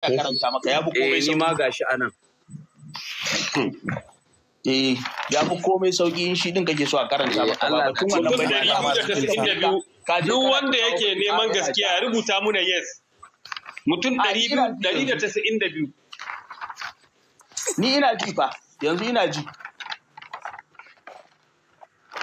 karanta maka ya fi komai eh, sauki. ma gashi anan. Eh, ya fi komai sauki in shi din kake so a karanta maka. Allah eh, tun wannan bayani wanda yake neman gaskiya rubuta muna yes. Mutum ɗari Ni ina ji fa, yanzu ina ji.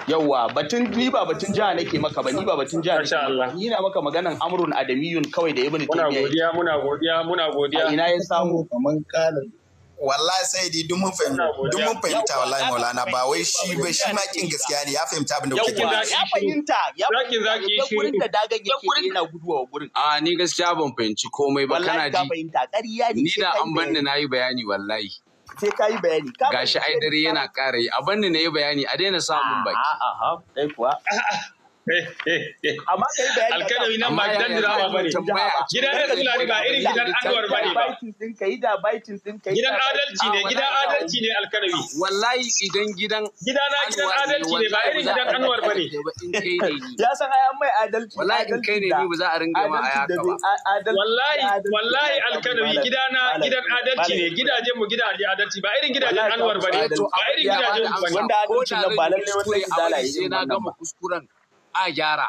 Yawwa batun ni ba batun jiha nake maka ba ni ba batun jiha nake maka ni na maka maganan amrun adamiyun kawai da ibnu tayyib Muna godiya muna godiya muna godiya. A ina ya samu kaman kalin wallahi sai dai dumun mun fahimta duk mun fahimta wallahi maulana ba wai shi ba shi ma kin gaskiya ne ya fahimta abin da kuke ya fahimta ya fahimta zaki shi gurin da dagan yake ina guduwa gurin a ni gaskiya ban fahimci komai ba kana ji ni da an banna nayi bayani wallahi sai ka yi bayani. Gashi ai dare yana ƙara yi, abin da na yi bayani a daina samun baki. A'a, a'a, kuwa. amma kai bayani alkalami nan ba gidan drama bane gidan da sulari ba irin gidan anwar bane ba kai da baitin din kai gidan adalci ne gidan adalci ne alkalami wallahi idan gidan gidana gidan adalci ne ba irin gidan anwar bane ya san ayan mai adalci wallahi in kai ne ni ba za a ringa ma aya ka ba wallahi wallahi alkalami na gidan adalci ne gidajen mu gidaje adalci ba irin gidajen anwar bane eh, ba irin gidajen mu bane wanda adalci nan ba lalle wannan na gama kuskuren a gyara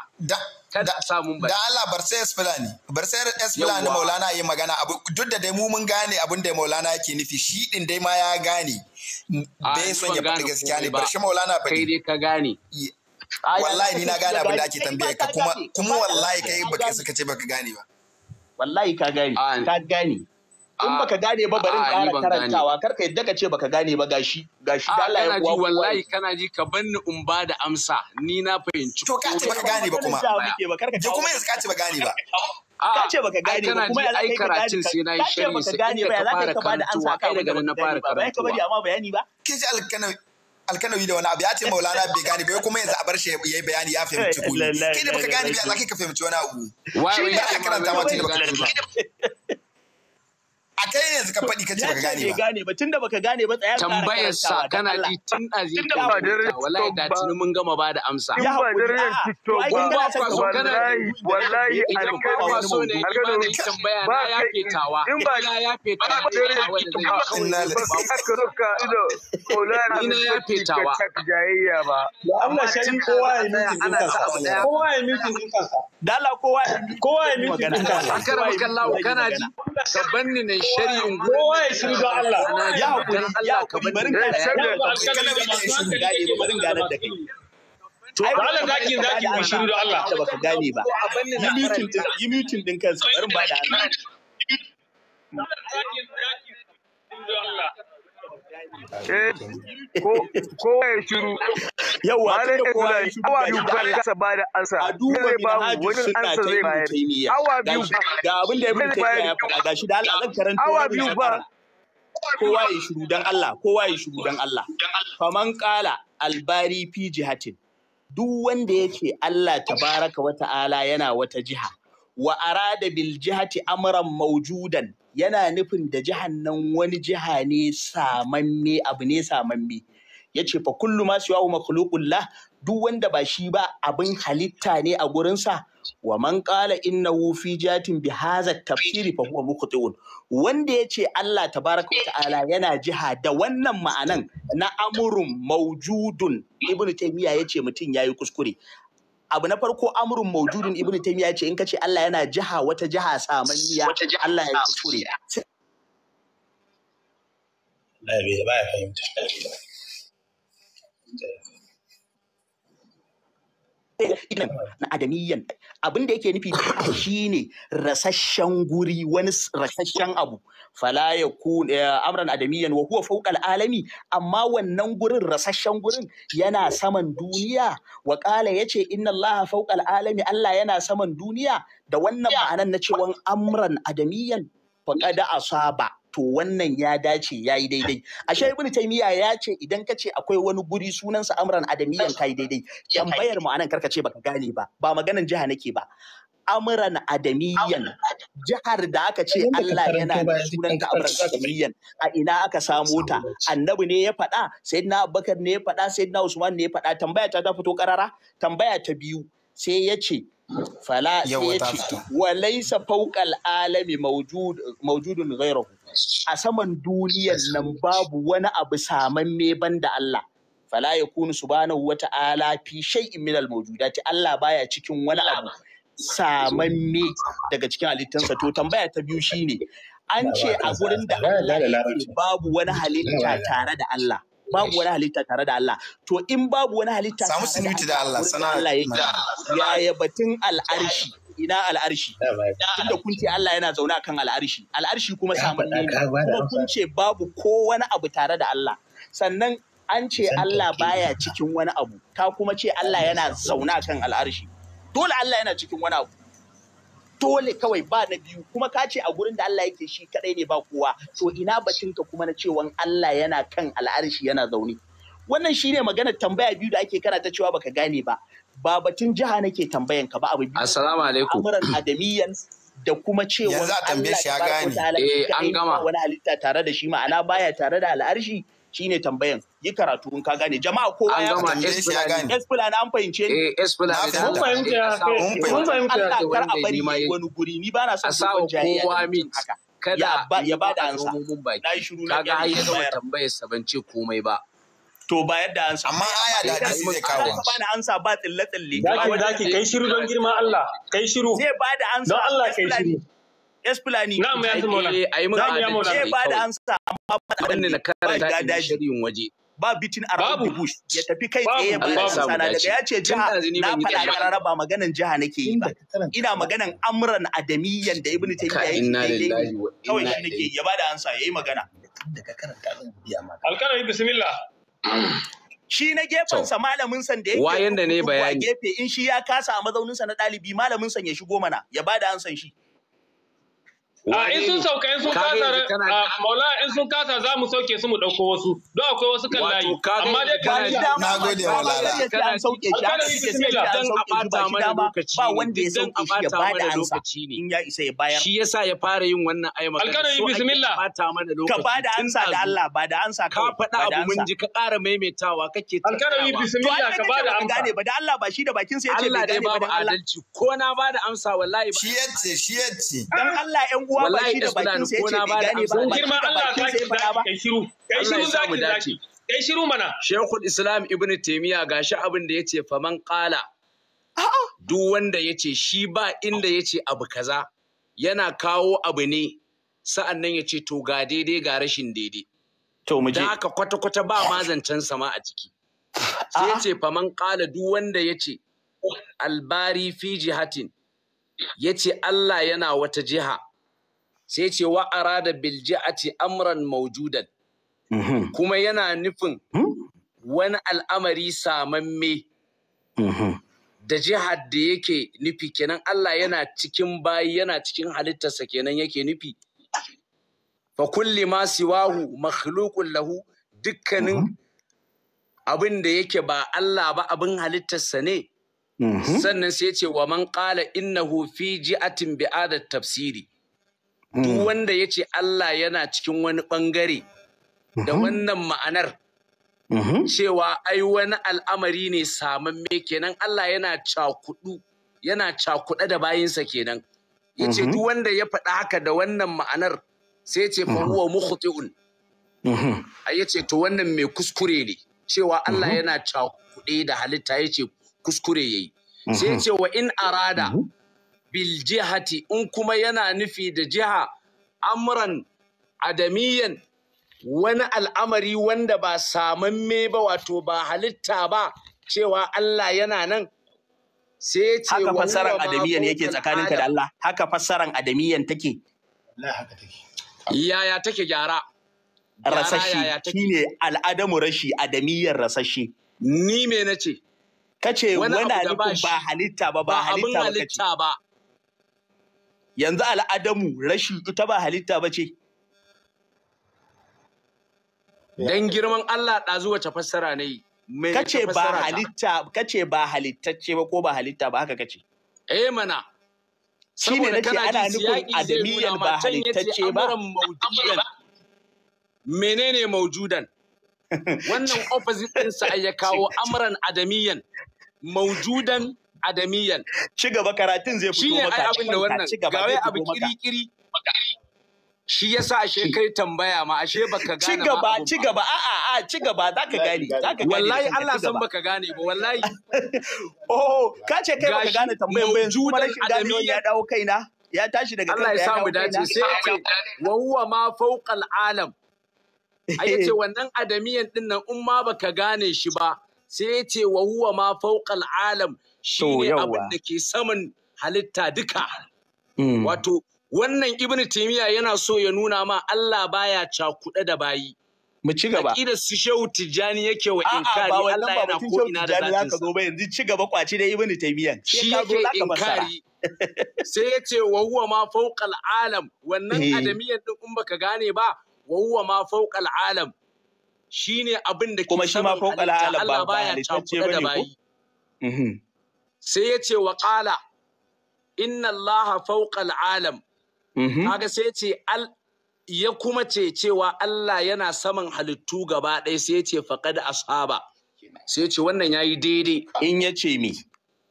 kada a samun bai da Allah bar sai esplani bar sai esplani maulana yi magana abu duk da dai mu mun gane abin da maulana yake nufi shi ɗin dai ma ya gane bai son ya faɗi gaskiya ne bar shi maulana faɗi kai dai ka gane wallahi ni na gane abin da ake tambaya ka kuma kuma wallahi kai baka suka ce baka gane ba wallahi ka gane ka gane in baka gane ba barin ƙara karantawa kar ka yadda ka ce baka gane ba gashi gashi da Allah ya kuwa wallahi kana ji ka banni in ba da amsa ni na fahimci to ka ce baka gane ba kuma je kuma yanzu ka ce ba gane ba ka ce baka gane ba kuma ya zaka karatun sai nayi yi sharhi ka gane ba ya zaka ka bada amsa kai daga nan na fara karatu ba ka bari amma bayani ba ke ji alkanawi alkanawi da wani abu ya ce maulana bai gane ba kuma yanzu a bar shi yayi bayani ya fahimci ko kai ne baka gane ba yanzu kai ka fahimci wani abu shi ne aka karanta ma tun da baka gane ba a kai ne suka faɗi kace baka gane ba gane ba tunda baka gane ba tsaya tambayar sa kana ji tun zai tun da wallahi da tuni mun gama ba da amsa ya hakuri a ah, kun ba ku so kana wallahi alƙalma so ne imani tambaya na ya fetawa in ya fetawa inna lillahi aka roka ido maulana ina ya fetawa jayayya ba Allah shi kowa ya miki ana sa kowa ya miki kansa dala kowa kowa ya miki kansa akara makallawo kana ji ka banni ne shari'in kowa ya shiru don Allah ya hakuri ya hakuri barin gane da shi da gane ba barin ganar da kai to Allah zaki zaki mu shiru don Allah ba ka gane ba yi mutun din yi din kansa barin ba da Allah Eh, kowa ya shiru yawa tun da kowa ya shiru awa biyu ba kasa ba da ansa a duba minhajus hajji ta ibn taymiya awa biyu ba ga abin da ya ibn taymiya ya faɗa Ga shi da Allah zan karanta awa biyu ba kowa ya shiru dan Allah kowa ya shiru dan Allah faman qala albari fi jihatin duk wanda yake Allah tabaraka wa ta'ala yana wata jiha wa arada bil jihati amran mawjudan yana nufin da jihan nan wani jiha ne samamme abu ne samamme ya ce fa kullu ma siwahu makhluqullah duk wanda ba shi ba abin halitta ne a gurinsa wa man qala innahu fi jatin bi hadha tafsiri fa huwa muqtiun wanda yace Allah tabaraka ta'ala yana jiha da wannan ma'anan na amurun maujudun ibnu taymiya yace mutum yayi kuskure abu na farko amurin maujudin Ibn taymiya ya ce in kace Allah yana jiha wata jiha samaniya Allah ya ture fahimta na adamiyyan abin da yake nufi shine rasasshen guri wani rasashen abu fala ya eh, amran adamiyan wa huwa fawqa alami amma wannan gurin rasasshen gurin yana saman duniya wa qala yace inna Allah fawqa alami Allah yana saman duniya da wannan ma'anan na cewa amran adamiyan faqad asaba to wannan ya dace ya yi daidai A ashe ibn taymiya ya ce idan ka ce akwai wani guri sunansa amran adamiyan yi daidai tambayar mu anan karka ce baka gane ba ba maganan jiha nake ba amran adamiyan jihar da aka ce Allah yana da amran adamiyan a ina aka samo ta annabi ne ya faɗa na abubakar ne ya faɗa na usman ne ya faɗa tambaya ta ta fito karara tambaya ta biyu sai ya ce fala sai ce wa laisa alami maujudun ghayruhu a saman duniyar nan babu wani abu samanne banda Allah fala yakunu subhanahu wa ta'ala fi shay'in min al Allah baya cikin wani abu samanne daga cikin halittansa to tambaya ta biyu shine an ce a gurin da Allah babu wani halitta tare da Allah babu wani halitta tare da Allah to in babu wani halitta samu sinuti da Allah sana Allah yaya batun al'arshi ina al'arshi tunda kun ce Allah yana zaune akan al'arshi al'arshi kuma samun ne kuma kun ce babu ko wani abu tare da Allah sannan an ce Allah baya cikin wani abu ka kuma ce Allah yana zaune akan al'arshi dole Allah yana cikin wani abu dole kawai ba na biyu kuma ka ce a gurin da Allah yake shi kadai ne ba kowa To ina bacinka kuma na cewa Allah yana kan al'arshi yana zaune wannan shine maganar tambaya biyu da ake kana ta cewa baka gane ba ba batun jiha nake tambayan ka ba abu biyu assalamu alaikum amran adamiyan da kuma cewa Allah ya gane eh an gama wani halitta tare da shi ma'ana baya tare da al'arshi shine tambayan yi karatu in ka gane jama'a kowa ya gane ya gane esplan an fahimce ni esplan eh, mun fahimta mun fahimta Allah kar a bari wani guri ni ba na son ku jayayya haka kada ya ba da ansa na yi shiru na ga ai zama tambayar sa ban ce komai ba to bayar da ansa amma aya da hadisi zai kawo ba na ansa ba tilla tilla daki daki kai shiru don girma Allah kai shiru zai ba da ansa don Allah kai shiru yes fulani na'am eh, mu zama wala a yi mun adalci ce eh, ba da ansa amma ba da wani karanta da shirin waje ba bitin a the bush ya tafi kai tsaye ba da sana daga ya ce jiha na faɗa karara ba maganan jiha nake yi ba ina maganan amran adamiyyan da ibnu taymiya yake yi kawai shi nake ya ba da ansa yayi magana daga karanta zan biya maka alkalami bismillah shi na gefen sa malamin san da yake wayan da ne gefe in shi ya kasa a mazauninsa na ɗalibi malamin san ya shigo mana ya ba da ansan shi A in sun sauka in sun kasa maula in sun kasa za mu sauke su mu ɗauko wasu don akwai wasu kan layi amma dai ka yi dama na gode wa lala kana sauke shi kana yi bismillah dan a bata mana lokaci ba wanda ya sauke shi ya bada ansa in ya isa ya bayar shi yasa ya fara yin wannan ayi magana alkana yi bismillah bata mana lokaci ka bada ansa da Allah ba da ansa ka faɗa abu mun ji ka ƙara maimaitawa kake ta alkana yi bismillah ka bada amsa gane ba da Allah ba shi da bakin sa yace bai gane ba da Allah ko na bada amsa wallahi ba shi yace shi yace dan Allah ƴan uwa ba shi da bakin sai ce bai gane ba ba shi da bakin ba kai shiru kai shiru zaki dace kai shiru mana Sheikhul Islam Ibn Taymiyyah gashi abin da yace faman qala ah! duk wanda yace shi ba inda yace abu kaza yana kawo abu ne sa'annan nan ya ce to ga daidai ga rashin daidai. To mu je. Da haka kwata-kwata ba ma zancen sama a ciki. Sai ah! ce faman qala duk wanda ya ce albari fi jihatin ya ce Allah yana wata jiha sai ce wa arada bil amran maujudan mhm. kuma yana nufin hmm? wani al'amari samamme mhm. da jihar da yake nufi kenan Allah yana cikin bayi yana cikin halittarsa kenan yake nufi fa kulli ma siwahu makhluqun lahu dukkanin mhm. abin da yake ba Allah ba abin halittarsa ne sannan sai ce wa man qala innahu fi ji'atin bi'adat tafsiri duk mm. wanda ya ce Allah yana cikin wani ɓangare da mm-hmm. wannan ma'anar mm-hmm. cewa ai wani al'amari ne samamme kenan Allah yana cakudu yana cakuɗa da bayinsa kenan ya ce mm-hmm. duk wanda ya faɗa haka da wannan ma'anar sai ce fa mukhti'un a ya ce to wannan mai kuskure ne cewa Allah yana cakuɗe da halitta ya ce kuskure yayi sai ce wa in arada bil jihati in kuma yana nufi da jiha amran adamiyan wani al'amari wanda ba samamme ba wato ba halitta ba cewa Allah yana nan sai ce haka fassaran adamiyan yake tsakaninka da Allah haka fassaran adamiyan take yaya take gyara rasashi shine al'adamu rashi Adamiyan rasashi ni me nace kace wani abu ba halitta ba ba halitta ba yanzu al'adamu rashin ita ba halitta ba ce dan girman Allah ɗazu wace fassara na yi kace ba halitta kace ba halittacce ba ko ba halitta ba haka kace eh mana shi ne nake ana nufin adamiyan ba halittacce ba menene maujudan wannan opposite ɗinsa ya kawo amran adamiyan maujudan adamiyan ci gaba karatun zai fito maka abin da wannan ga wai abu ashe kai tambaya ma ashe baka gane ci gaba ci gaba a a a ci gaba zaka gane zaka gane wallahi Allah san baka gane ba wallahi oh ka ce kai baka gane tambayan ba yanzu ya dawo kaina ya tashi daga Allah ya sa dace sai ya ce wa huwa ma fawqal alam ai yace wannan adamiyan ɗin nan in ma baka gane shi ba sai ya ce wa huwa ma fawqal alam shi ne abin da ke saman halitta duka. Mm. Wato, wannan Ibn Taymiyyah yana so ya nuna ma Allah baya cakuɗe da bayi. mu ci gaba. Aƙidar su shehu tijjani yake wa inkari Allah yana ko ina da zatin sa. Zaka zo ba yanzu ci gaba kwace da Ibn Taymiyyah. Shi yake inkari. Sai ya ce wa huwa ma fauƙal alam wannan eh. adamiyan din kun baka gane ba wa huwa ma fauƙal alam shi ne abin da ke saman halitta Allah baya alam ba ba halittacce bane sai ya ce wa ƙala inna allaha fauƙal alam mhm. kaga sai ya ce al ya kuma ce cewa Allah yana saman halittu gaba ɗaya sai ya ce faqad ashaba sai ya ce wannan ya yi daidai in ya ce mi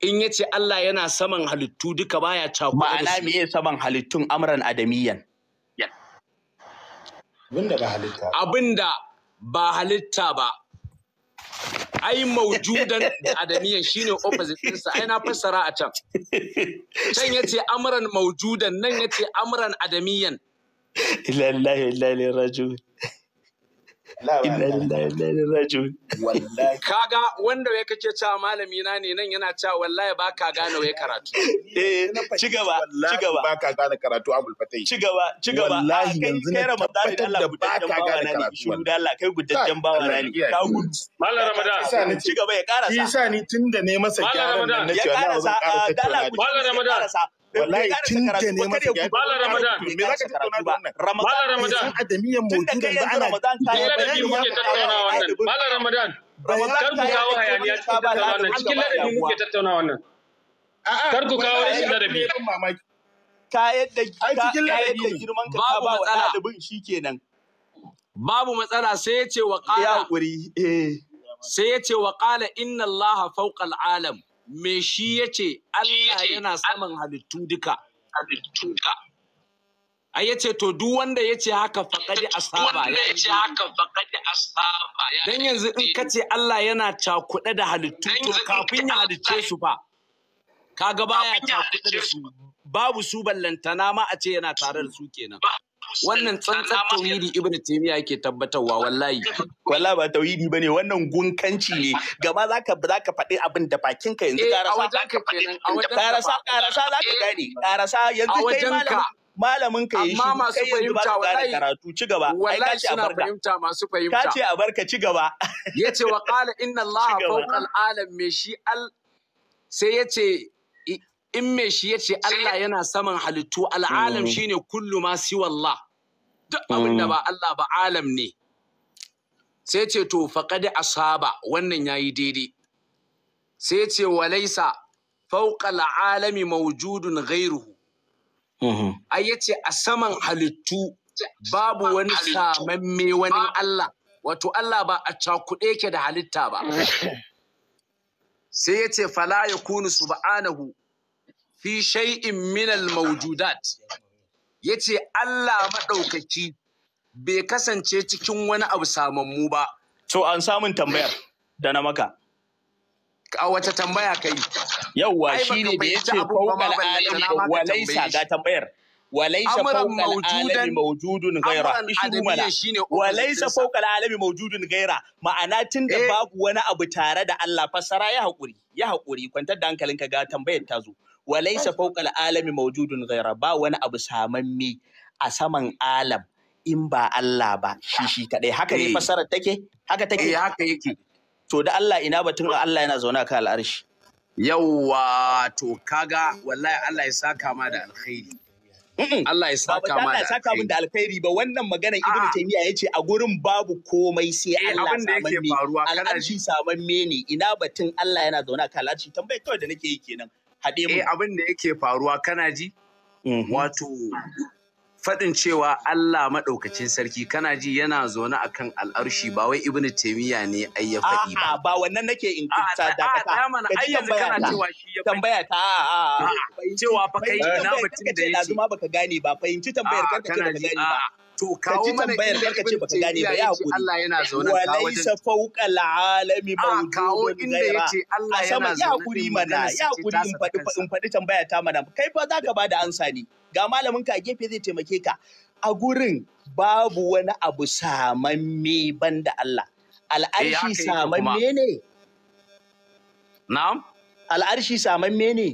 in ya ce Allah yana saman halittu duka baya su ma'ana me ya saman halittun amran adamiyan abinda ba halitta ba ai maujudan adamiyan shine opposite ɗinsa ai na fassara a can can yace amran maujudan nan yace amran adamiyan Ilallahi ilallahi raju. kaga wanda ya kake cewa malami na ne nan yana cewa wallahi ba ka gane wai karatu eh ci gaba ci gaba ba ka gane karatu abul fatai ci gaba ci gaba wallahi yanzu na tabbatar da ba ka gane karatu da Allah kai gudaddan bawa na ne ka gudu malam ramadan ci gaba ya karasa shi sa ni tunda ne masa gyaran nan na cewa na zo karasa ah, mallam ramadan wallahi tun da ne masa ya bala ramadan me zaka tattauna da wannan ramadan ba ana ramadan ta yi bayani tattauna wannan bala ramadan kar ku kawo hayaniya cikin tattauna wannan cikin ladabi muke tattauna wannan kar ku kawo rashin ladabi girman ka ba wa shikenan babu matsala sai ya ce wa qala eh. sai ya ce wa qala inna allaha fawqa al'alam me shi ya ce Allah yana saman halittu duka. A ya ce, To, duk wanda yace ce haka faƙaɗi asaba ya Don yanzu in ka ce Allah yana cakuɗe da halittu, to kafin ya halicce su fa, kaga baya cakuɗe da su, babu su ballantana ma a ce yana tare da su kenan. wannan tsantsar tauhidi ibn taymiya yake tabbatarwa wallahi wallahi ba tauhidi bane wannan gunkanci ne gama zaka zaka faɗi abin da bakin eh, ka eh, yanzu karasa zaka faɗi karasa karasa zaka gane karasa yanzu kai malamin malamin ka yi shi kai yanzu ba ka gane karatu ci gaba ai ka ce a fahimta masu fahimta ka ce a barka ci gaba yace wa qala inna allaha fawqa al alam me shi al sai yace in me shi ya ce Allah yana saman halittu al'alam mm. shine kullu ma siwallah duk abin da mm. ba Allah ba alam ne sai ce to faqad asaba wannan yayi daidai sai ce walaisa fawqa al'alami mawjudun gairu. Mm-hmm. ai yace a saman halittu babu wani samamme wani Allah wato Allah ba a cakuɗe yake da halitta ba sai yace fala yakunu subhanahu fi shay'in minal ya ce Allah maɗaukaki bai kasance cikin wani abu mu ba to an samun tambayar da na maka a wata tambaya kai yawwa shine da yace fawqal alimi walaysa ga tambayar walaysa fawqal alimi mawjudun ghaira ishu mala walaysa fawqal alimi mawjudun ghaira ma'ana da eh. babu wani abu tare da Allah Fassara ya haƙuri ya haƙuri kwantar da hankalinka ga tambayar ta zo Walaisa laysa fawqa alami mawjudun ba wani abu samamme a saman alam in ba Allah ba shi shi kadai haka ne eh. fasara take haka take eh haka yake to da Allah ina batun Allah yana zaune kan al'arshi yawa to kaga wallahi Allah ya saka ma da alkhairi Allah ya saka ma da saka mun da alkhairi ba wannan magana Ibn Taymiyyah yace a gurin babu komai sai eh, Allah abin da yake faruwa kana shi saman ne ina batun Allah yana zaune kan al'arshi tambayar kawai da nake yi kenan haɗe mu. Eh abin da yake faruwa kana ji? Mhm. Wato faɗin cewa Allah maɗaukacin sarki kana ji yana zaune akan al'arshi ba wai Ibn Taymiyyah ne ai ya faɗi ba. ba wannan nake in kinta da kata. A'a mana ai yanzu kana cewa shi ya tambaya ta a'a. Cewa fa kai ina mutum da yake. Ba tambayar ka ce da zuma baka gane ba fahimci tambayar kanta ce da gane ba. to kawo mana tambayar karka ce baka gane ba ya hakuri Allah yana zaune kawo wajen walaysa fawqa al'alami mawjudun kawo inda yace Allah yana zaune ya hakuri mana ya hakuri in faɗi in faɗi tambaya ta mana kai fa zaka bada ansa ne ga malamin ka a gefe zai taimake ka a gurin babu wani abu samamme banda Allah eh, al'arshi samamme ne na'am al'arshi samamme ne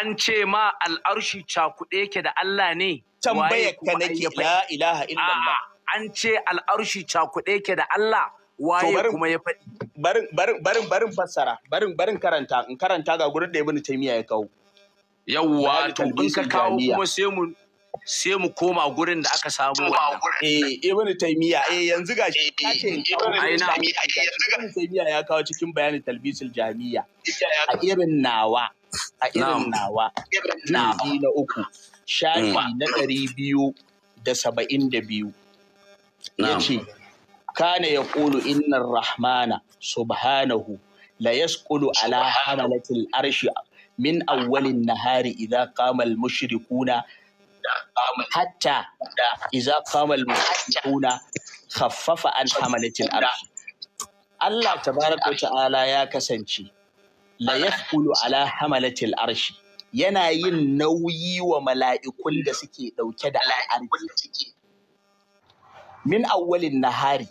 an ce ma al'arshi cakuɗe yake da Allah ne tambayar ka nake la ilaha illallah an ce al'arshi cakuɗe ke da Allah waye kuma ya faɗi barin barin barin barin fassara barin barin karanta in karanta ga gurin da ibnu taymiya ya kawo yawwa to in ka kawo kuma sai mu sai mu koma gurin da aka samu eh ibnu taymiya eh yanzu ga shi eh, ibnu eh, taymiya ya kawo cikin bayanin talbisul jamiya a irin nawa a irin nawa na uku shafi mm. na ɗari biyu da saba'in da biyu. Ya ce, Kana ya ƙulu innan Rahmana subhanahu la yasqulu ala hamalatil arshi min awwalin nahari idza qama al mushrikuna hatta idza qama al mushrikuna khaffafa an hamalatil arshi Allah tabaraka wa ta'ala ya kasance la yasqulu ala hamalatil arshi yana yin nauyi wa mala'ikun da suke ɗauke da al'arki. Min awwalin nahari,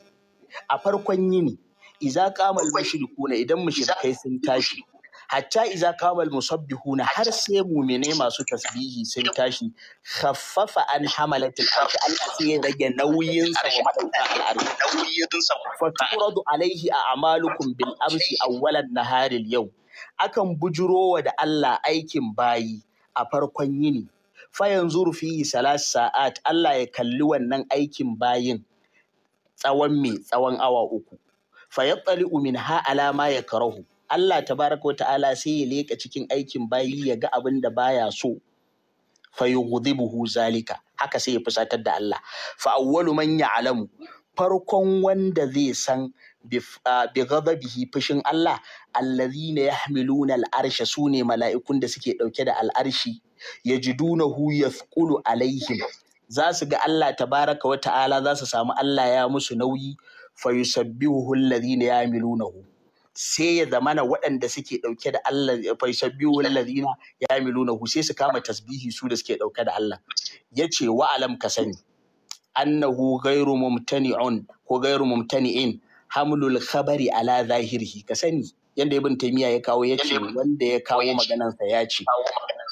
a farkon yini, iza kamal mushrikuna idan mushrikai sun tashi, hatta iza kamal musabbihuna har sai muminai masu tasbihi sun tashi, khaffafa an hamalatul arshi Allah sai rage nauyin sa wa madaukan al'arshi. alaihi a amalukum bil amsi awwalan naharil yau. akan bujurowa da Allah aikin bayi a farkon yini. fayan zurfi salas sa'at Allah ya kalli wannan aikin bayin tsawon mai tsawon awa uku fayattali umin ha alama ya karahu Allah tabaraka baraka ta'ala sai ya leka cikin aikin bayi ya ga abin da baya so buhu zalika haka sai ya fusatar da Allah fa awwalu ya alamu farkon wanda zai san bi ghadabihi fushin Allah allazina yahmiluna al'arsha sune mala'ikun da suke dauke da al'arshi yajidunahu yathqulu alaihim za su ga Allah tabaraka wa ta'ala za su samu Allah ya musu nauyi fa yusabbihu alladhina yamilunahu sai ya zamana waɗanda suke ɗauke da Allah fa yusabbihu alladhina yamilunahu sai su kama tasbihi su da suke ɗauke da Allah yace wa alam ka sani annahu gairu mumtani'un ko gairu mumtani'in hamlul khabari ala zahirhi ka sani yanda ibn taymiya ya kawo ya wanda ya kawo maganansa ya ce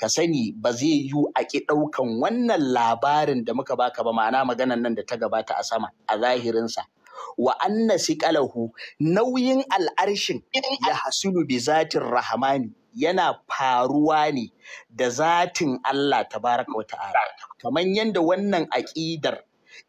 ka sani ba zai yiwu a ki ɗaukan wannan labarin da muka baka ba ma'ana maganan nan da ta gabata a sama a zahirinsa wa anna siqalahu nauyin al'arshin ya hasulu bi zatin rahmani yana faruwa ne da zatin Allah tabaraka wa ta'ala kamar yadda wannan aƙidar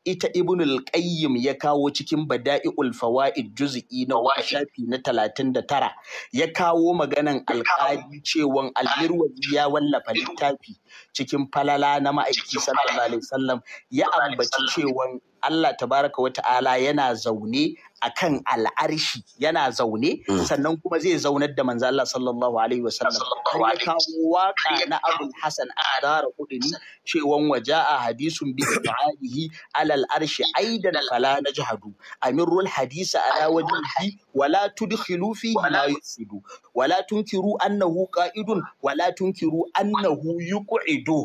ita Ibn al-Qayyim ya kawo cikin Bada'i'ul Fawaid juz'i na shafi na 39 ya kawo maganan alƙali cewan al-Mirwazi ya wallafa littafi cikin falala na ma'aiki sallallahu alaihi wasallam ya ambaci cewan Allah tabaraka wa ta'ala yana zaune a kan al'arshi yana zaune mm. sannan kuma zai zaunar da manzo Allah sallallahu alaihi wa sallam ya kawo waka na Abu Hasan adara Qudni cewan waja'a hadisun bi ta'alihi alal arshi aidan fala najhadu amirul hadisa ala wajhihi wala tudkhilu fihi ma yusidu wala tunkiru annahu qa'idun wala tunkiru annahu yuq'idu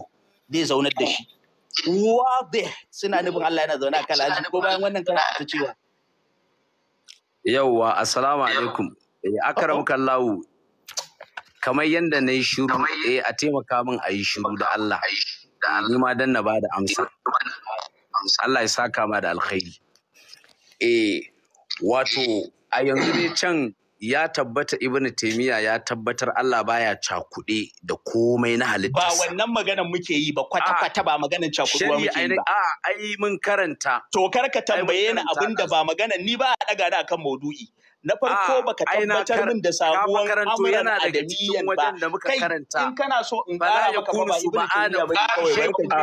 zai zaunar da shi wadih suna nufin Allah yana zaune akan al'arshi ko bayan wannan kana ta cewa Yauwa, assalamu alaikum eh, akaram kallahu kamar yadda na yi shiru eh a taimaka min a yi shiru da Allah ni ma dan na ba da amsa Allah ya saka ma da alkhairi eh wato a yanzu dai can ya tabbata Ibn taimiya ya tabbatar Allah baya cakuɗe da komai na halitta ba wannan maganar muke yi ba kwata kwata ah, ba maganar ba muke yi ba a ah, ai mun karanta to kar ka tambaye ni abin da ba maganar ni ba a daga da akan maudu'i na farko ah, baka tabbatar min da sabuwar amuran adamiyyan ba kai in kana so in kara maka ba ibnu taimiya ba kawai ka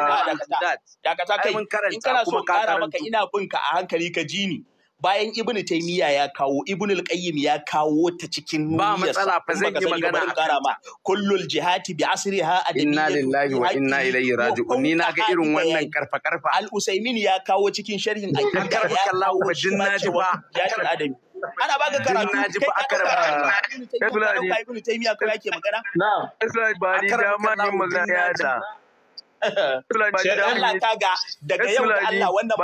da dakata kai in kana so in kara maka ina bin ka a hankali ka ji ni bayan ibn taymiya ya kawo ibn al-qayyim ya kawo ta cikin ba matsala fa zan yi magana akan ma kullul jihati bi asriha adabiyya inna lillahi wa inna ilaihi raji'un ni na ga irin wannan karfa karfa al-usaymin ya kawo cikin sharhin a akan karfa kallahu wa jinnaji ba adami ana baka karatu kai ka karatu ibn taymiya ko yake magana na'am sai Ibn ni da ma magana ya da Allah ka ga daga yau da Allah wannan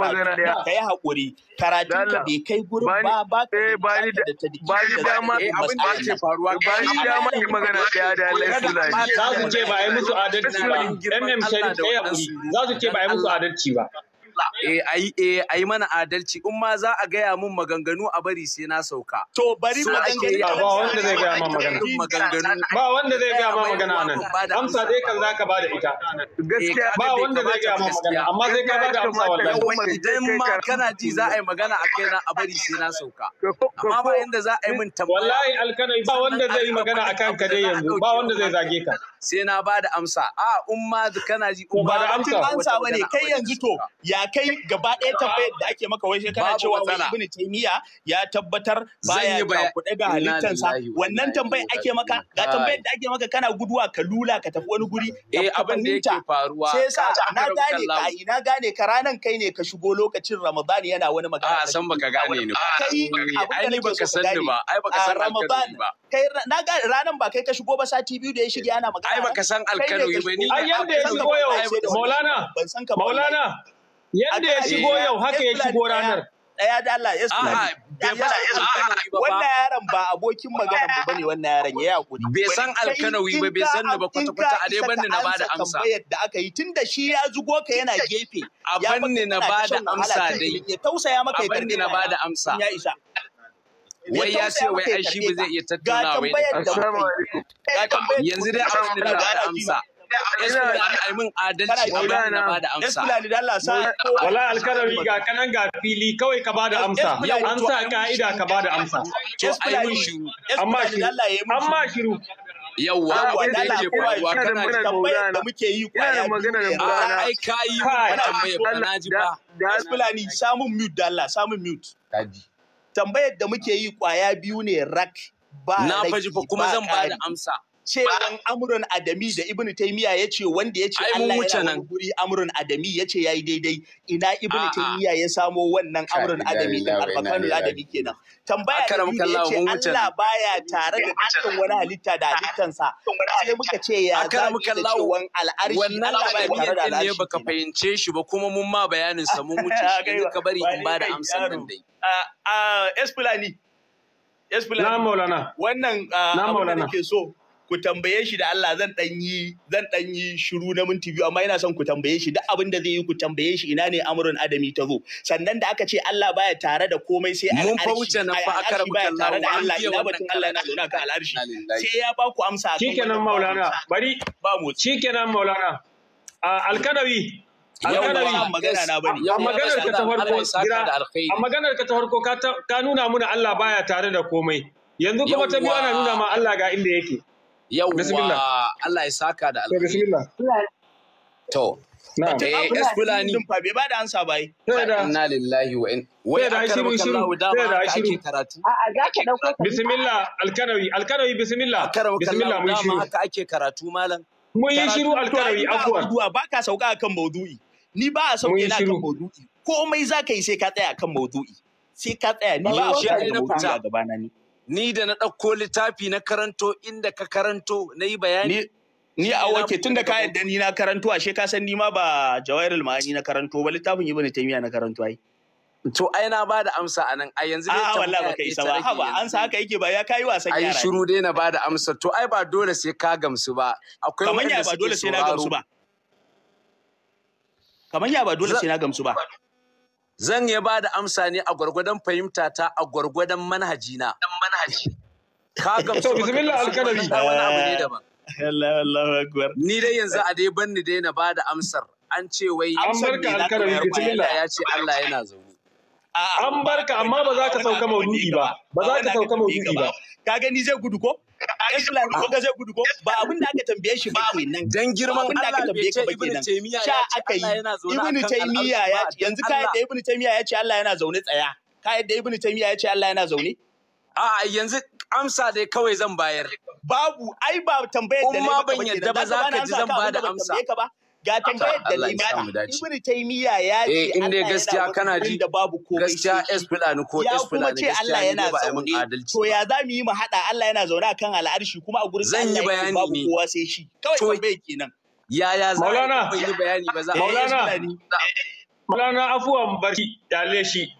magana da ka karatu ka yi haƙuri karatun ka bai kai gurin ba ba ka eh, da ta diki ba ni dama eh, abin da yake faruwa ba ni dama yi magana ɗaya da Allah Sulaiman za su ce ba a yi musu adalci ba MM Sharif eh, haƙuri, za su ce ba a yi musu adalci ba Eh, eh, ayi mana adalci, in ma za a gaya mun maganganu a bari sai na sauka. To bari maganganu. Ba wanda zai gaya ma magana. Ba wanda zai gaya ma magana nan. Amsa dai kan za ka ita. Gaskiya. Ba wanda zai gaya ma magana, amma zai ka ba da amsa wallahi. Idan ma kana ji za a yi magana a kai na a bari sai na sauka. Amma ba yanda za a yi mun tambaya. Wallahi alkanai ba wanda zai yi magana a kan ka dai yanzu, ba wanda zai zage ka. Sai na bada amsa. A umma kana ji. Ba da amsa. Ba da amsa bane kai yanzu to ya kai kai gaba ɗaya tambayar da ake maka wai kana cewa wani ibnu taymiya ya tabbatar baya kuɗe ga halittansa wannan tambayar ake maka ga tambayar da ake maka kana guduwa ka lula ka tafi wani guri eh abin da yake faruwa sai sa na gane ka na gane ka ranan kai ne ka shigo lokacin ramadan yana wani magana a ah, san baka gane ni ba kai abin da baka san ni ba ai baka san ramadan ba kai na gane ranan ba kai ka shigo ba sati biyu da ya shige ana magana ai baka san alkanu ba ni ai yanda ya shigo yau maulana maulana Yadda ya shigo yau haka ya shigo ranar. Ɗaya da Allah ya Wannan yaron ba abokin magana ba bane wannan yaron ya yakuri. Bai san alkanawi ba bai san ba kwata kwata a dai banne na bada amsa. Tambayar da aka yi tun da shi ya zugo ka yana gefe. A banne na bada amsa dai. Ya tausaya maka ya banni na bada amsa. Ya isa. wai ya ce wai ai shi ba zai iya tattaunawa yanzu dai abin da na amsa ai min adalci na amsa wala alkarami ga kanan fili kawai ka bada amsa an ka'ida ka bada amsa to ai min shiru amma shiru amma shiru yawwa wanda yake da tambayar da muke yi kwaya magana da ai kai ba na ji ba samun samun mute tambayar da muke yi kwaya biyu ne rak ba na fa kuma zan ba da amsa cewan amurin adami da ibn taymiya ya ce wanda ya ce Allah ya wani guri amurin adami ya ce ya yi daidai ina ibn taymiya ya samo wannan amurin adami din alfakanul adami kenan tambaya da ya ce Allah baya tare da dukkan wani halitta da halittansa sai muka ce ya za mu da cewan al'arshi wannan labarin da ne baka fahimce shi ba kuma mun ma bayanin sa mun wuce shi ka bari in ba da amsar din dai a ah, a ah, Espilani Yes, Fulani. Na Maulana. Wannan ah, abin da nake so ku tambaye shi da Allah zan dan yi zan dan yi shiru na minti biyu amma ina son ku tambaye shi duk abin da zai yi ku tambaye shi ina ne amrun adami ta zo sannan da aka ce Allah baya tare da komai sai al'arshi mun fa wuce nan fa akara Allah tare da Allah ina batun Allah na zauna ka al'arshi sai ya ba ku amsa kenan maulana bari ba mu kenan maulana alkadawi a maganar ka ta farko a maganar ka ta farko ka nuna muna Allah baya tare da komai yanzu kuma ta biyu ana nuna ma Allah ga inda yake Yawwa Allah ya saka da alƙali. Bismillah. To. Na'am. Eh Fulani. Din fa bai ba da ansa bai. Inna lillahi wa in. Wai da shiru shiru. Da a shiru. karatu. A za ka dauko. Bismillah alkarawi alkarawi bismillah. Bismillah mun shiru. Haka ake karatu malam. Mun yi shiru alkarawi afuwa. Ba ka sauka kan maudu'i. Ni ba a sauke na kan maudu'i. Komai za ka yi sai ka tsaya kan maudu'i. Sai ka tsaya ni ba a sauka akan maudu'i a gabana ni. ni da na ɗauko littafi na karanto inda ka karanto na yi bayani. Ni a wake tun da kayan yadda ni na karanto ashe ka san ni ma ba Jawairul Ma'ani na karanto ba littafin bane taimiya na karanto ai. To ai na ba da amsa a nan a yanzu dai ta wallahi baka ha ba an sa haka yake ba ya kai wasan yara ai shiru dai na ba da amsa to ai ba dole sai ka gamsu ba akwai wanda ba dole sai na gamsu ba Kamar ya ba dole sai na gamsu ba Zan ya ba da amsa ne a gwargwadon fahimta ta a gwargwadon manhajina. Ka gamsu Wani abu ne daban. Ni dai yanzu a dai ban ni dai na ba da amsar. An ce wai. Amsar ka alkalami Ya ce Allah yana zaune. an bar ka, amma ba za ka sauka maudu'i ba ba za ka sauka maudu'i ba ka gani zai gudu ko Islam ko ga zai gudu ko ba abin da aka tambaye shi ba nan dan girman abin da aka tambaye ka ba kenan sha aka yi ibn taymiya ya yanzu ka yadda ibn taymiya ya ce Allah yana zaune tsaya ka yadda ibn taymiya ya ce Allah yana zaune a'a yanzu amsa dai kawai zan bayar babu ai ba tambayar da ne ba ban yadda ba za ka ji zan bada amsa ga tambayar da limani ibnu taymiya ya ce eh, in dai gaskiya kana ji da babu komai gaskiya es fulani ko es fulani gaskiya Allah yana zaune to ya za mu yi mu hada Allah yana zaune akan al'arshi kuma a gurin Allah yake babu kowa sai shi kawai tambayar kenan yaya za mu yi bayani ba za a Maulana Maulana afuwan barki dale shi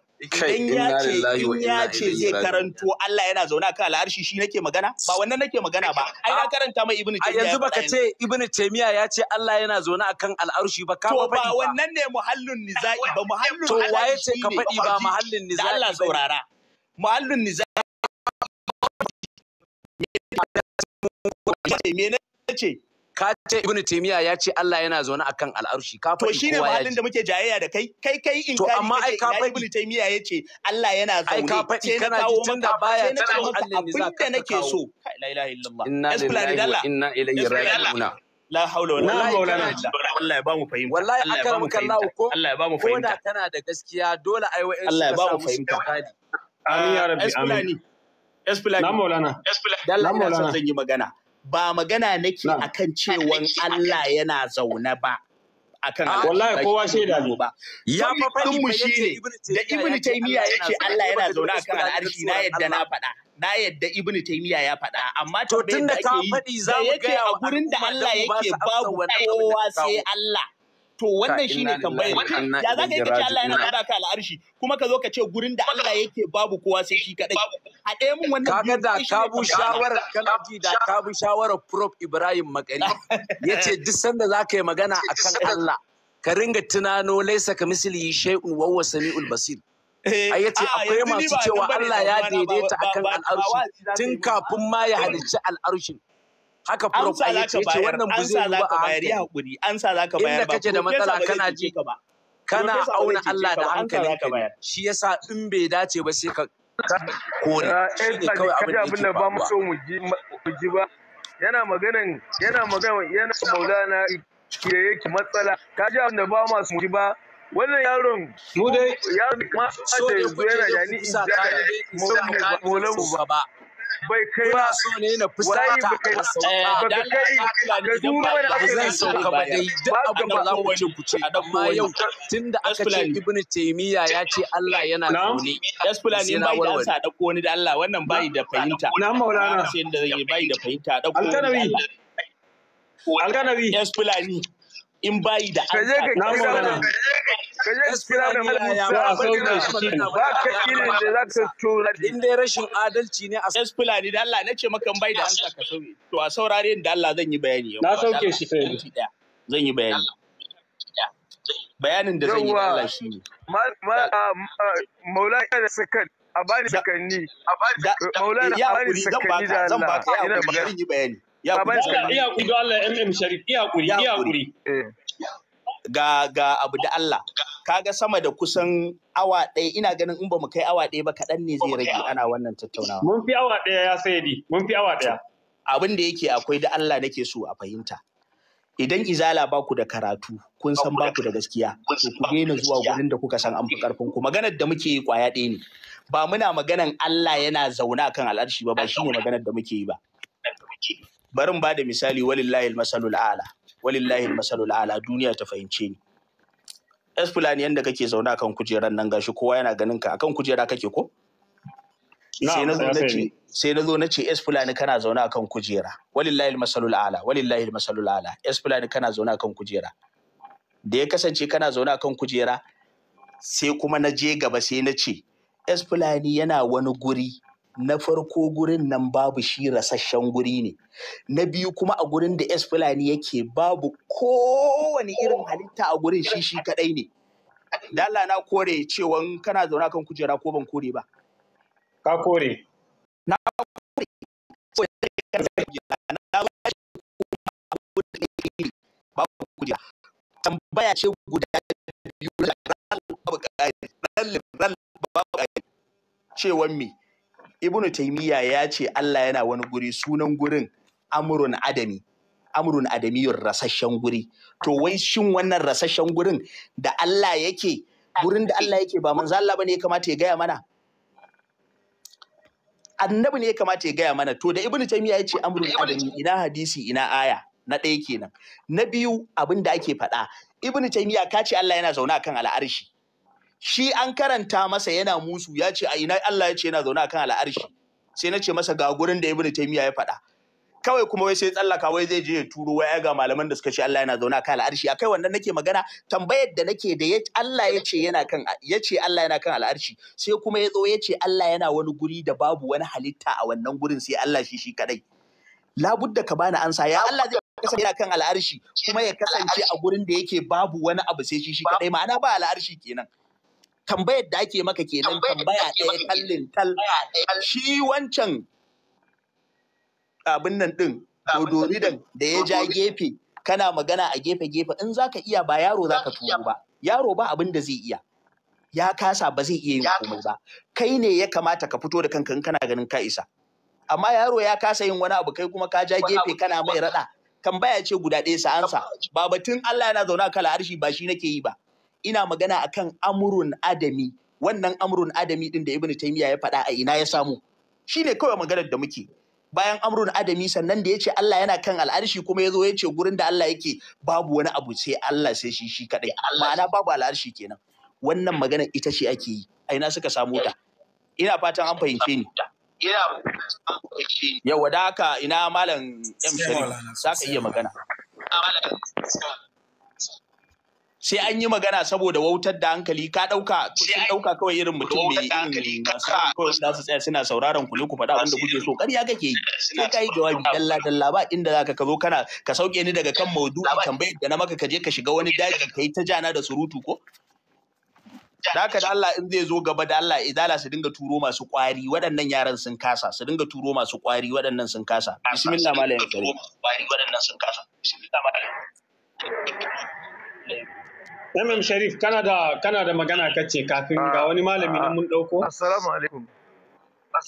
in ya ce zai karanto Allah yana zaune kan al'arshi shi nake magana ba wannan nake magana ba ai na karanta mai ibnu taymiya yanzu baka ce ibnu taymiya ya ce Allah yana zaune akan al'arshi ba ka ba ba wannan ne muhallun nizai ba muhallun to waye ce ka fadi ba muhallun nizai Allah saurara muhallun nizai me ne ce ka ce ibn taymiya ya ce Allah yana zaune akan al'arshi ka to shine mahallin da muke jayayya da kai kai kai in to amma ai ka faɗi ibn taymiya ya ce Allah yana zaune ka faɗi kana ji baya Allah ne za ka nake so la ilaha illallah inna lillahi wa inna ilaihi raji'un la haula wala illa billah Allah ya ba mu fahimta wallahi kallahu ko Allah ya ba mu fahimta ko kana da gaskiya dole ai wa'in Allah ya ba mu fahimta amin ya ah, rabbi amin Esplani. Na Maulana. Esplani. Na Maulana. zan yi magana. ba magana nake akan cewan Allah yana zaune ba akan ah, wallahi kowa shaida ne ba ya fafadin mu ne da ibnu taymiya yace Allah yana zaune akan al'arshi na yadda na faɗa na yadda ibnu taymiya ya faɗa amma to tunda ka faɗi za mu ga a gurin da Allah yake babu kowa sai Allah to wannan shine tambayar ya za ka yi kace Allah yana kara ka al'arshi kuma ka zo ka ce gurin da Allah yake babu kowa sai shi kadai a ɗaya mun wannan kaga da ka bu shawara kana da ka bu shawara prof Ibrahim Makari yace duk sanda za ka yi magana akan Allah ka ringa tunano laisa ka misli shay'un wa huwa samiul basir eh, A yace akwai masu cewa Allah ya daidaita akan al'arshi tun kafin ma ya halicci al'arshin haka prof ya ce ce wannan bu ba a bayar ya hakuri an sa zaka bayar ba kace da matsala kana ji kana auna Allah da hankali shi yasa in bai dace ba sai ka kore shi ne kawai abin da ba mu so mu ji ba yana maganan yana maganan, yana maulana ke yake matsala ka ji abin da ba ma su ji ba wannan yaron mu dai yaron ma so da yana da ni in da molan ba bai kai ba so ne na fusata ba kai ba eh, kai ga duro da aka zan sauka ba dai duk abin da za ku ce ku ce amma yau tunda aka ce ibn taymiya ya ce Allah yana zaune yasfulani bai da ansa da ko ni da Allah wannan bai da fahimta na maulana sai da bai da fahimta da ko ni Allah alkanawi alkanawi in bayi da an ka gaskiya da ba ka ilin da za ka tura in dai rashin adalci ne a sas fulani da Allah nace maka bai da hanka ka sauke to a saurare da Allah zan yi bayani na sauke shi sai zan yi bayani bayanin da zan yi Allah shi ne ah, ah, Maula da sakan a bani sakanni maulana a bani sakanni da Allah zan ba ka yi bayani ya kuri eh. ga ga abu da Allah kaga sama da kusan awa ɗaya ina ganin in ba mu kai awa ɗaya ba kaɗan ne zai rage ana wannan tattaunawa. Mun fi awa ɗaya ya sai mun fi awa ɗaya. Abin da yake akwai da Allah nake so a fahimta. Idan izala ba ku da karatu, kun san ba ku da gaskiya, to ku daina zuwa gurin da kuka san an fi ƙarfin ku. Maganar da muke yi kwaya ɗaya ne. Ba muna maganan Allah yana zauna kan al'arshi ba, ba shine maganar da muke yi ba. bari ba da misali walillahi masalul ala walillahi masalul ala duniya ta fahimce ni es fulani yanda kake zaune akan kujeran nan gashi kowa yana ganin ka akan kujera kake ko sai na zo na ce es fulani kana zaune akan kujera walillahi masalul ala walillahi masalul ala es fulani kana zaune akan kujera da ya kasance kana zaune akan kujera sai kuma na je gaba sai na ce es fulani yana wani guri na farko gurin nan babu shi rasashen guri ne na biyu kuma a gurin da s fulani yake babu kowane irin halitta a gurin shi shi kadai ne da na kore cewan kana zaune kan kujera ko ban kore ba ka kore na kore tambaya ce guda biyu da ran babu ran babu cewan me ibnu taimiya ya ce Allah yana wani guri sunan gurin amrun adami amrun adamiyun rasashen guri to wai shin wannan rasashen gurin da Allah yake gurin da Allah yake ba manzo Allah bane ya kamata ya gaya mana annabi ne ya kamata ya gaya mana to da ibnu taimiya ya ce amrun adami ina hadisi ina aya na ɗaya kenan na biyu abin da ake faɗa ibnu taimiya ka ce Allah yana zaune kan al'arshi shi an karanta masa yana musu ya ce a ina Allah ya ce yana zaune akan al'arshi sai na ce masa ga gurin da Ibn Taymiyyah ya faɗa kawai kuma wai sai tsallaka wai zai je ya turo wai ga malaman da suka ce Allah yana zaune akan al'arshi akai wannan nake magana tambayar da nake da Allah ya ce yana kan ya ce Allah yana kan al'arshi sai kuma ya zo ya ce Allah yana wani guri da babu wani halitta a wannan gurin sai Allah shi shi kadai labudda ka bani ansa ya Allah zai kasance yana kan al'arshi kuma ya kasance a gurin da yake babu wani abu sai shi shi kadai ma'ana ba al'arshi kenan tambayar da ake maka kenan tambaya ɗaya kallin tal shi wancan abin nan ɗin dodoridan da ya ja gefe kana magana a gefe gefe in zaka iya ba yaro zaka turo ba yaro ba abin da zai iya ya kasa ba zai iya yin komai ba kai ne ya kamata ka fito da kanka in kana ganin ka isa amma yaro ya kasa yin wani abu kai kuma ka ja gefe kana mai rada tambaya ce guda ɗaya sa'ansa ba batun Allah yana zaune a kala arshi ba shi nake yi ba ina magana a kan amrun adami wannan amrun adami ɗin da ibnu taymiya ya faɗa a ina ya samu ne kawai maganar da muke bayan amrun adami sannan da yace Allah yana kan al'arshi kuma yazo yace gurin da Allah yake babu wani abu sai Allah sai shi shi kadai ma'ana babu al'arshi kenan wannan magana ita ce ake yi a ina suka samu ta ina fatan an fahimce ni yawa da haka ina malam M za ka iya magana sai an yi magana saboda wautar da hankali ka ɗauka kusan ɗauka kawai irin mutum mai irin kawai su tsaya suna sauraron ku ne ku faɗa wanda kuke so ƙarya kake yi eh, sai ka yi jawabi dalla dalla ba inda zaka ka zo kana ka sauke ni daga kan a tambayar da na maka ka je ka shiga wani daji ka yi ta jana da surutu ko da haka da Allah in zai zo gaba da Allah idala su dinga turo masu kwari waɗannan yaran sun kasa su dinga turo masu kwari waɗannan sun kasa bismillah malam kwari waɗannan sun kasa bismillah Namim Sharif kana da kana da magana kace kafin ga wani malami nan mun dauko. Assalamu alaikum.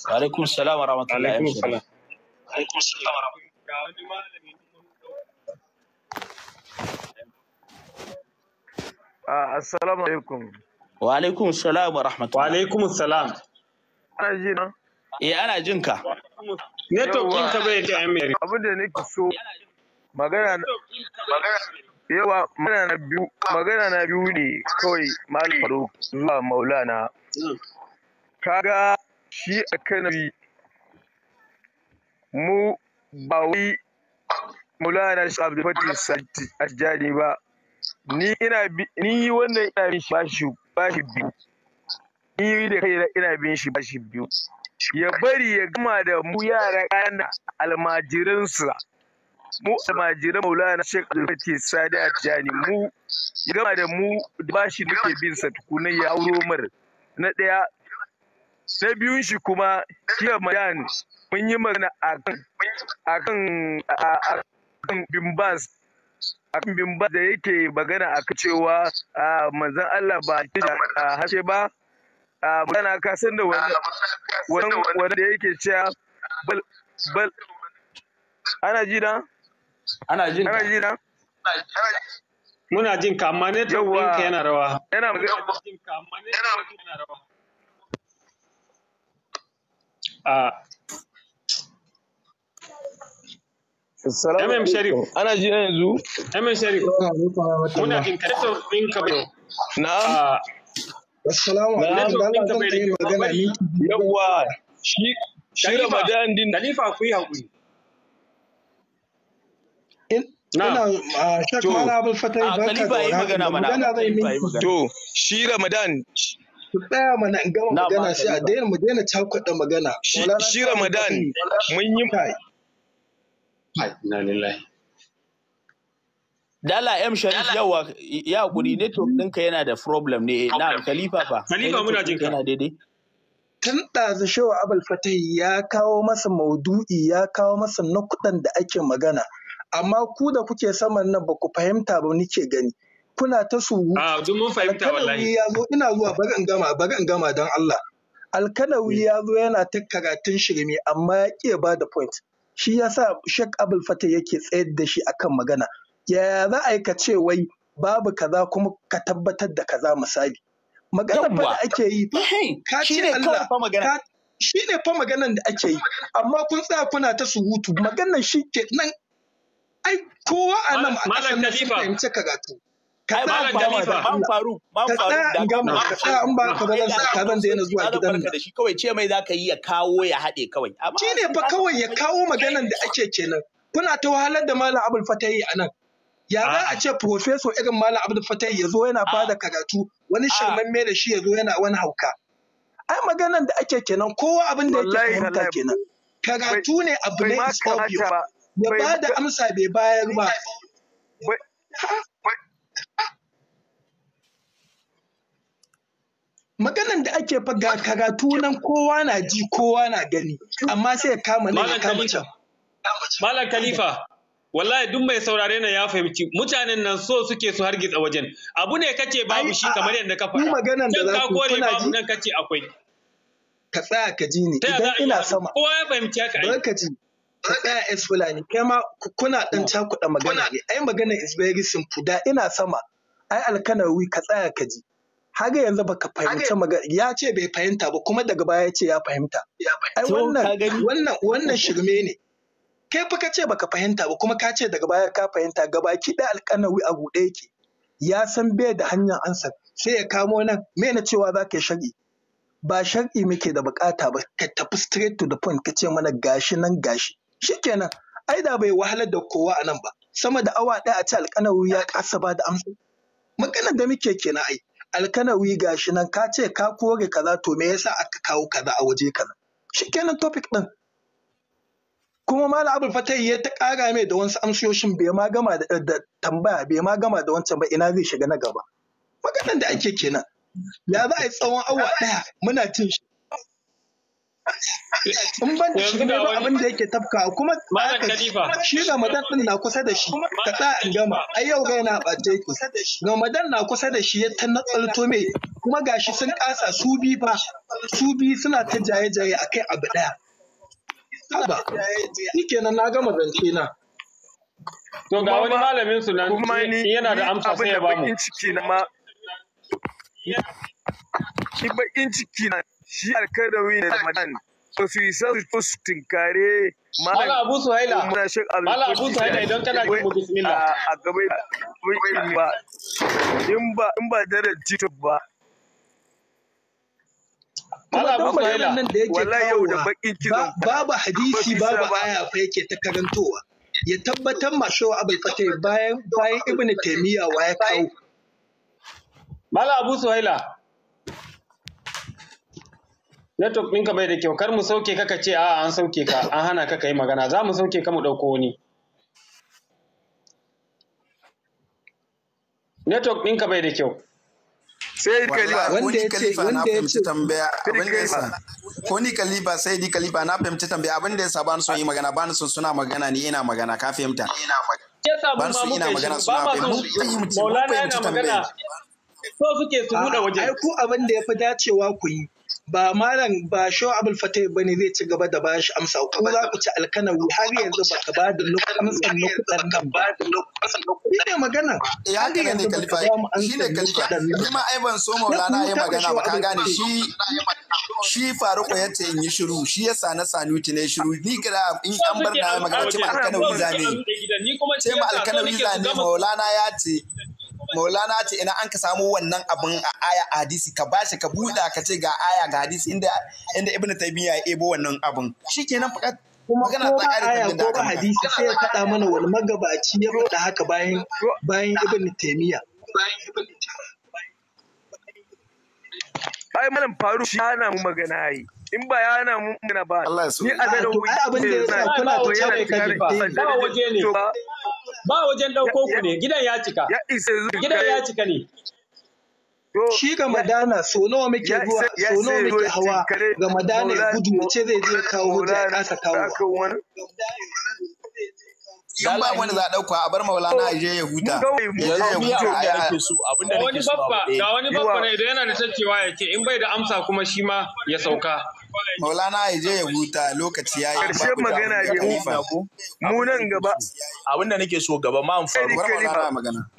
Alaikum wa rahmatullahi wa barakatuh. Assalamu alaikum. Wa alaikum salam wa rahmatullahi. Wa alaikum Ana na? Eh ana jin ka. Network ɗinka bai ta Amir. Abin da nake so magana magana yawa magana na biyu magana na biyu ne kawai malam faruk zuwa maulana mm. kaga shi a kanabi mu ba wai maulana shi abu fati jani ba ni ina ni wannan ina bin shi ba shi biyu ni yi da kai ina bin shi ba shi biyu ya bari ya gama da mu yara kana almajiransa mu almajiran maulana shek alfati sadi atijani mu gama da mu bashi muke bin sa tukuna ya auro mar na ɗaya na biyun shi kuma kiyar mayan mun yi magana akan akan bimbas akan bimbas da yake magana akan cewa manzan Allah ba a hashe ba magana ka san da wani wanda yake cewa bal ana ji na Ana jin ka. Ana Muna jin ka amma network ɗinka yana Yana rawa. yana rawa. MM Sharif. Ana ji yanzu? MM Sharif. Muna jin ka Na'am. Shi Ramadan din. Dalifa ku yi haƙuri. Ah, ah, to, shi Ramadan. Ku tsaya mana in gama magana sai a daina mu daina cakuɗa magana. Shi Ramadan mun yi Dala M Sharif yawa ya hakuri network ɗinka yana da problem ne eh, na Khalifa fa. Khalifa muna jin ka. Yana daidai. tun ɗazu shewa abul fatahi ya kawo masa maudu'i ya kawo masa nukudan da ake magana amma ku da kuke saman nan ba ku fahimta ba nike gani kuna ta su a ah, duk mun fahimta wallahi ya zo ina zuwa bari in gama bari in gama don Allah alkanawi hmm. ya zo yana ta karatun shirme amma ya ƙi ba da point shi yasa Sheikh Abul Fatah yake tsayar da shi akan magana yaya za a yi ka ce wai babu kaza kuma ka tabbatar da kaza misali magana fa da ake yi ka ce Allah shi ne fa maganan da ake yi amma kun tsaya kuna ta surutu maganan shi ke nan ai kowa a nan a ƙasar nan sun fahimci karatu ka sa fawa da man faru man faru da gama ka sa in ba ka zan ka zan daina zuwa gidan nan da shi kawai ce mai zaka yi ya kawo ya haɗe kawai shi ne fa kawai ya kawo maganan da ake kenan kuna ta wahalar da malam abul fatayi a nan ya za a ah. ce profeso irin malam abdul fatayi ya zo yana ah. bada karatu wani ah. shirmamme da shi ya zo yana wani hauka ai maganan da ake kenan kowa abin da yake fahimta kenan karatu ne abu ne is obvious ya ba da amsa bai bayar ba. Maganan da ake faga karatu nan kowa na ji kowa na gani, amma sai ya kama nan ya kama can. Malam Khalifa, wallahi duk mai saurare na ya fahimci mutanen nan so suke su hargitsa wajen. Abu ne kace babu shi kamar yadda ka faɗa. Maganan da za ku kuna ji. nan kace akwai. Ka tsaya ka ji ni idan ina sama. Kowa ya fahimci haka. Bari ka ji. faɗa as fulani kai ma kuna ɗan cakuɗa magana ne ai magana is very simple da ina sama ai alkanawi ka tsaya ka ji haga yanzu baka fahimci magana ya ce bai fahimta ba kuma daga baya ya ce ya fahimta ai wannan wannan shirme ne kai fa ka ce baka fahimta ba kuma ka ce daga baya ka fahimta gabaki ɗaya alkanawi a buɗe yake ya san bai da hanyar ansa sai ya kamo nan me na cewa za ka yi shari'i ba shar'i muke da bukata ba ka tafi straight to the point ka ce mana gashi nan gashi shikenan ai da bai wahalar da kowa a nan ba sama da awa ɗaya a ce alkanawi ya kasa ba da amsa maganar da muke kenan ai alkanawi gashi nan ka ce ka kore kaza to me yasa aka kawo kaza a waje kaza shikenan topic din kuma malam abul fatai ya ta kara mai da wasu amsoshin bai ma gama da tambaya bai ma gama da wancan ba ina zai shiga na gaba maganar da ake kenan ya za a yi tsawon awa ɗaya muna cin shi in ban da shi ne ba abin da yake tafka kuma shi ramadan din na kusa da shi ka sa in gama ai yau yana bace ɓata ga ramadan na kusa da shi ya ta natsalto me kuma gashi sun kasa su bi ba su bi suna ta jaye-jaye a kai abu ɗaya haba ni kenan na gama zance na to ga wani malamin su nan yana da amsa sai ya bamu ciki na ma ni ciki na shi alkadami da ramadan to su yi san su tinkare Mala Abu Suhaila. Mala Abu Suhaila idan kana ki mu bismillah. A gaba ba. In ba in ba dare jito ba. Mala Abu Suhaila. Wallahi yau da bakin kizon. Babu hadisi babu aya fa yake ta karantowa. Ya tabbatar ma shawa abai fata bayan bayan ibnu taymiya wa ya kawo. Mala Abu Suhaila. network ɗinka bai da kyau kar mu sauke kaka ce a an sauke ka an hana kaka yi magana za mu sauke ka mu ɗauko wani network ɗinka bai da kyau sai kalifa wanda ya ce wanda ya tambaya abin da yasa ko ni kalifa sai di kalifa na fahimci tambaya abin da yasa ba ni son yi magana ba ni son suna magana ni ina magana ka fahimta ba ni son ina magana suna fahimci maulana yana magana so suke su buɗe waje ai ku abin da ya fi dacewa ku yi ba malam ba sho abul fatai ba ne zai ci gaba da bashi amsa ku za ku ci alkanawi har yanzu ba ka ba da lokacin san kuɗin nan ba lokacin ne magana ya ga ne kalifa shi ne kalifa ni ma ai ban so maulana ya magana ba ka gane shi shi faruku ya ce in yi shiru shi ya sana sanuti ne shiru ni kira in an bar na magana ce ma alkanawi zane ce ma alkanawi zane maulana ya ce maulana ce ina an ka samu wannan abin a aya a hadisi ka bashi ka buɗa ka ce ga aya ga hadisi inda inda ibn taymiya ya ebo wannan abin shikenan fakat kuma ko ba aya ko ba hadisi sai ya faɗa mana wani magabaci ya faɗa haka bayan bayan ibn taymiya ai malam faru shi hana mu magana yi in ba yana mun ba Allah ya so ni azarin wuce abin da yasa kuna to yana tare ba waje ne ba wajen dauko ku ne gidan ya cika gidan ya cika ne Shi ga madana so nawa muke zuwa so nawa muke hawa ga madana ya gudu wace zai je kawo hujja ya kasa kawo. Yan ba wani za a ɗauka a bar maulana a je ya huta. Ya je huta a yake su abinda nake so ba. Eh. Ga wani babba na idan yana da tacewa ya ce in bai da amsa kuma shi ma ya sauka. Maulana ya je ya huta lokaci ya yi. ku magana ne mu nan gaba. Abin da nake so gaba ma amfani.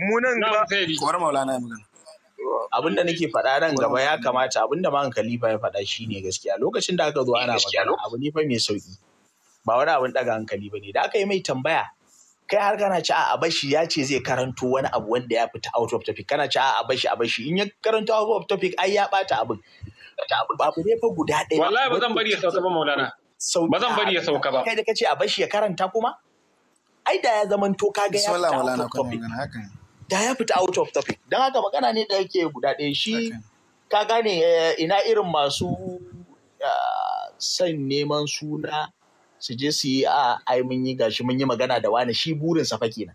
Mu nan gaba. Kowar Maulana ya magana. Abin da nake faɗa nan gaba ya kamata abin da man Khalifa ya faɗa shi ne gaskiya lokacin da aka zo ana magana abu ne fa mai sauki. Ba wani abin ɗaga hankali ba ne da aka yi mai tambaya kai har kana ci a abashi ya ce zai karanto wani abu wanda ya fita out of topic kana ci a abashi abashi in ya karanto out of topic ai ya bata abin abu ne fa guda ɗaya wallahi ba zan bari ya sauka ba maulana ba zan bari ya sauka ba kai da kace a bashi ya karanta kuma ai da ya zaman to ga ya fita out of topic da ya fita out of topic dan haka magana ne da yake guda ɗaya shi ka gane eh, ina irin masu ah, son neman suna su je su yi a ah, ai mun yi gashi mun yi magana da wani shi burin sa fa kenan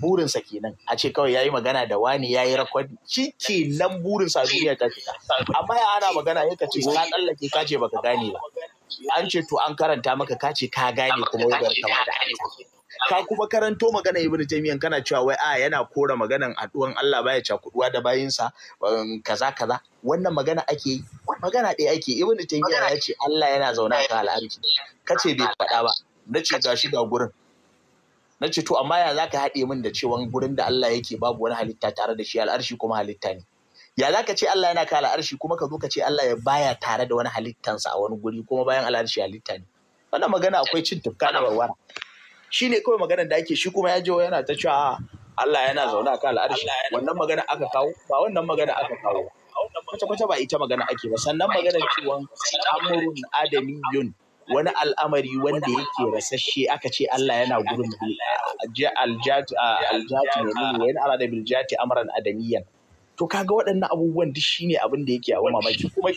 burinsa kenan a ce kawai ya yi magana da wani yi rakwadi shi ke nan burinsa duniya ta fita amma ya ana magana ya ce ka tsallake ka ce baka gane ba an ce to an karanta maka ka ce ka gane kuma wadar kama da ka kuma karanto magana ibnu jamiyan kana cewa wai a ah, yana kora maganan addu'an Allah baya cakuduwa da bayinsa um, kaza kaza wannan magana ake yi magana ɗaya ake ibnu jamiyan ya ce Allah yana zaune a kan kace bai faɗa ba nace gashi ga gurin na ce to amma ya zaka haɗe min da cewa gurin da Allah yake babu wani halitta tare da shi al'arshi kuma halitta ne ya zaka ce Allah yana kala arshi kuma ka zo ka ce Allah ya baya tare da wani halittansa a wani guri kuma bayan al'arshi halitta ne wannan magana akwai cin tufka da warwara ne kawai maganar da ake shi kuma ya je yana ta cewa Allah yana zaune akan al'arshi wannan magana aka kawo ba wannan magana aka kawo kwata-kwata ba ita magana ake ba sannan maganar cewa amurun adamiyun wani al'amari wanda yake rasashe aka ce Allah yana gurin aljati ne ne wani ala da jati amran adamiyan to kaga waɗannan abubuwan duk shine abin da yake a mamaki kuma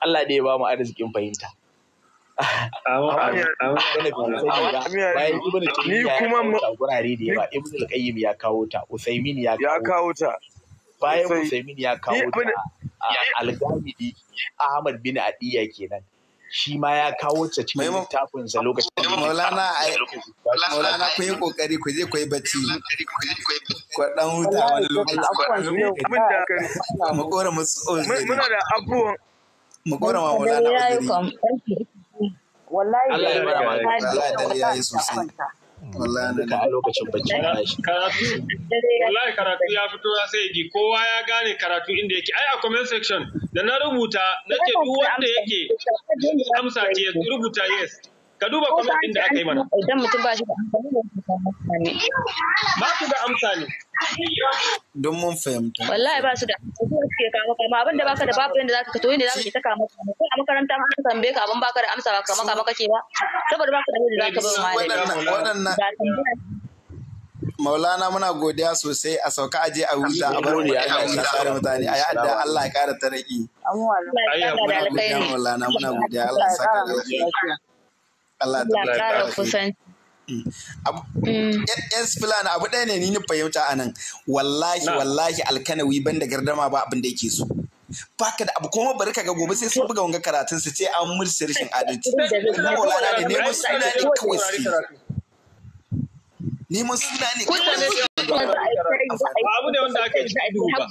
Allah da ya ba mu arzikin fahimta ni kuma gurare da yawa ibn al-qayyim ya kawo ta usaymin ya kawo ta bayan usaymin ya kawo ta al-ghamidi ahmad bin adiya kenan shi ma ya kawo ta cikin littafinsa lokacin da Maulana Maulana ku yi kokari ku je ku yi bacci ku dan huta wani lokaci mu kora musu muna da abubuwan mu kora wa Maulana wallahi Allah ya yi sosai duka a lokacin bacci na shi wallahi karatu ya fito ya sai di kowa ya gane karatu inda yake ai a comment section da na rubuta nake duk wanda yake amsa ce rubuta yes ka duba comment din da aka yi mana idan mutum ba shi da amsa ne ba su da amsa ne don mun fahimta wallahi ba su da suke kama kama abinda baka da babu yanda zaka kato yadda zaka ta kama kama ko a makaranta an tambaye ka abin baka da amsa ba kama kama kake ba saboda baka da yanda zaka bin malami waɗannan Maulana muna godiya sosai a sauka aje a huta a bar kuɗi a tsare mutane a yi adda Allah ya ƙara taraki. Muna godiya Maulana muna godiya Allah ya saka da Allah ya ƙara kusanci. Eh, mm. yan fulani abu ɗaya ne ni na fahimta a nan wallahi wallahi alkanawi ban da gardama ba abin da yake so baka da abu kuma bari kaga gobe sai sun buga wanga karatun su ce an mursi rashin adalci na maulana da neman suna ne kawai su neman suna ne kawai ba abu ne wanda aka yi cikin duhu ba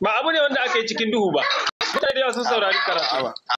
ba abu ne wanda aka yi cikin duhu ba mutane da yawa sun saurari karatu ba